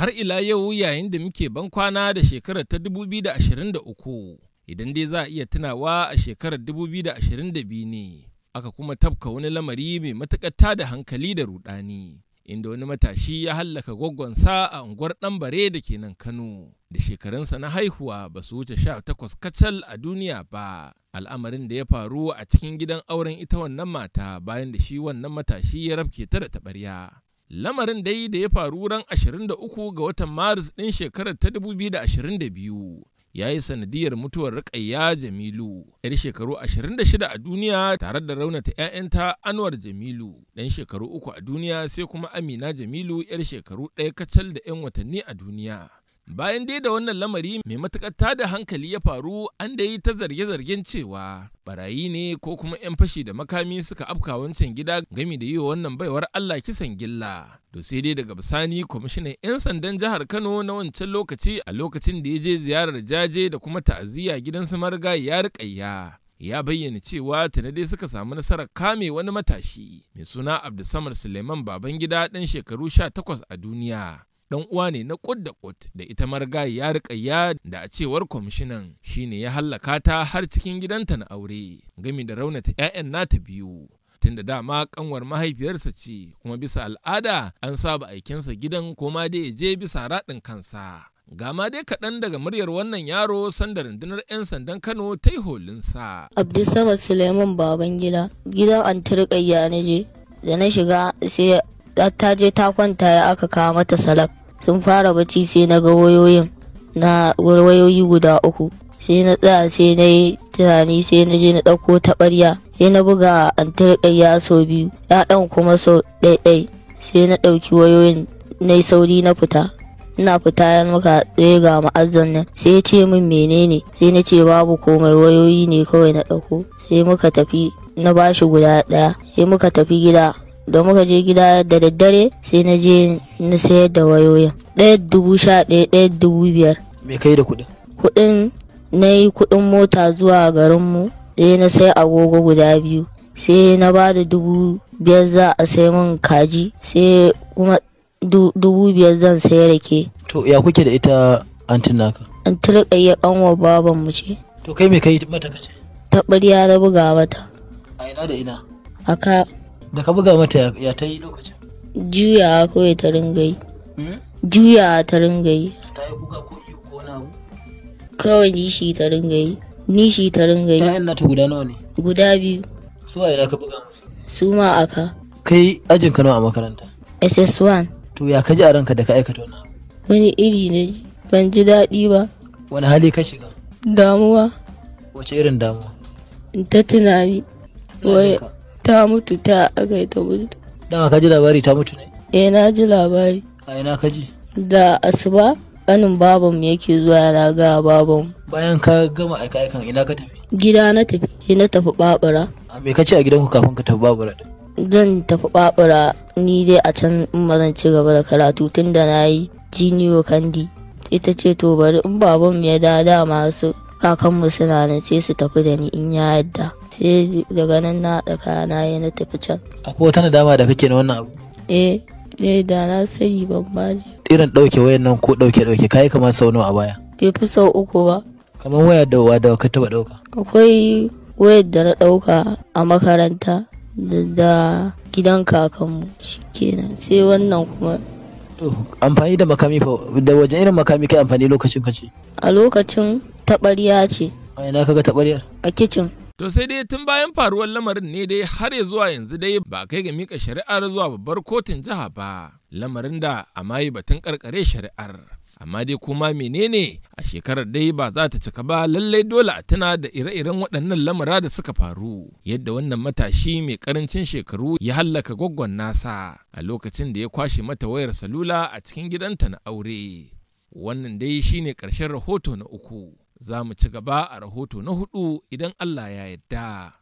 har ila yau yayin da muke ban kwana da shekarar ta 2023 idan dai za a iya tunawa a shekarar 2022 ne aka kuma tabka wani lamari mai matuƙar da hankali da rudani inda wani matashi ya hallaka gwaggonsa a unguwar ɗanbare da ke nan Kano da shekarunsa na haihuwa ba su wuce sha takwas kacal a duniya ba al'amarin da ya faru a cikin gidan auren ita wannan mata bayan da shi wannan matashi ya rabke ta da tabarya. lamarin dai da ya faru ran 23 ga watan maris ɗin shekarar ta 2022 ya yi sanadiyar mutuwar Rukayya jamilu yar shekaru 26 a duniya tare da raunata 'ya'yanta anwar jamilu ɗan shekaru uku a duniya sai kuma amina jamilu yar shekaru ɗaya kacal da 'yan watanni a duniya Bayan dai da wannan lamari mai matuƙar da hankali ya faru an da yi ta zarge-zargen cewa barayi ne ko kuma 'yan fashi da makami suka afka wancan gida gami da yi wa wannan baiwar Allah kisan gilla. To sai dai daga bisani kwamishinan 'yan sandan jihar Kano na wancan lokaci a lokacin da ya je ziyarar jaje da kuma ta'aziyya gidan su marga ya riƙayya. ya bayyana cewa tana dai suka samu nasarar kame wani matashi mai suna abdulsamar suleiman babangida ɗan shekaru takwas a duniya dan uwa ne na kud da kud da ita marigayi ya riƙayya da a cewar kwamishinan shine ya hallaka ta har cikin gidanta na aure gami da raunata 'ya'yan nata biyu tunda dama kanwar mahaifiyarsa ce kuma bisa al'ada an saba aikinsa gidan koma dai ya je bisa raɗin kansa Gama dai kaɗan daga muryar wannan yaro sanda rundunar 'yan sandan kano ta yi holinsa abdulsamad suleiman Babangida gidan an turƙayya na je da na shiga sai ta je ta kwanta ya aka kawo mata salaf sun fara bacci sai na ga wayoyin na wayoyi guda uku sai na tsaya sai na yi tunani sai na je na ɗauko taɓarya sai na buga antar ya sau biyu ya'yan kuma sau ɗaiɗai sai na ɗauki wayoyin na yi sauri na fita ina fita yan muka ɗaya ga ma'azzan nan sai ya ce min menene sai na ce babu komai wayoyi ne kawai na ɗauko sai muka tafi na bashi guda ɗaya sai muka tafi gida da muka je gida da daddare sai na je na sayar da wayoyin ɗaya dubu sha ɗaya ɗaya dubu biyar me kai da kuɗin kuɗin na yi kuɗin mota zuwa garinmu sai na sai agogo guda biyu sai na ba da dubu biyar za a sai min kaji sai kuma dubu biyar zan sai rake to ya kuke da ita antin naka an turka iya kanwa baban mu ce to kai me kai mata kace taɓarya na buga mata a ina da ina aka da ka buga mata ya ta yi lokacin ko ya ta ringa yi hmm? juyawa ta ringa yi ta yi buga ko iyo ko na kawai nishi ta ringa yi nishi ta ringa yi ta'yan nata guda nawa ne guda biyu su waye da ka buga musu su ma aka kai ajin ka nawa a makaranta ss1 to ya ka ji a ranka da ka aikata wannan wani iri ne ban ji daɗi ba wani hali ka shiga damuwa wace irin damuwa ta tunani wai ta mutu ta aka ta mutu dama ka ji labari ta mutu ne eh na ji labari a ina ka ji da asuba kanin baban yake zuwa na ga baban bayan ka gama aika-aikan ina ka tafi gida na tafi sai na tafi babura a me ka ce a gidanku kafin ka tafi babura zan tafi babura ni dai a can in ba zan ci gaba da karatu tun da na yi jiniyo kandi ita ce to bari in baban ya da dama su kakanmu suna nan sai su tafi da ni in ya yadda sai daga nan na haɗa kayana ya na tafi can akwai wata nadama da kake na wannan abu eh ne da na sani ban baje irin ɗauke wayan nan ko ɗauke ɗauke kayi kamar sau nawa a baya bai fi sau uku ba kamar waya da wa da ka taɓa ɗauka akwai wayar da na ɗauka a makaranta da gidan kakanmu shikenan sai wannan kuma to amfani da makami fa da wajen irin makami kai amfani lokacin kace a lokacin taɓarya ce a ina kaga taɓarya a kicin To sai dai tun bayan faruwar lamarin ne dai har ya zuwa yanzu dai ba kai ga mika shari'ar zuwa babbar kotun jiha ba, lamarin da a mayi batun karkare shari'ar. Amma dai kuma menene a shekarar dai ba za ta cika ba lallai dole a tuna da ire-iren waɗannan lamura da suka faru, yadda wannan matashi mai karancin shekaru ya hallaka gwaggon nasa a lokacin da ya kwashe mata wayar salula a cikin gidanta na aure. Wannan dai shine ƙarshen rahoto na uku. Za mu ci gaba a rahoto na hudu idan Allah ya yadda.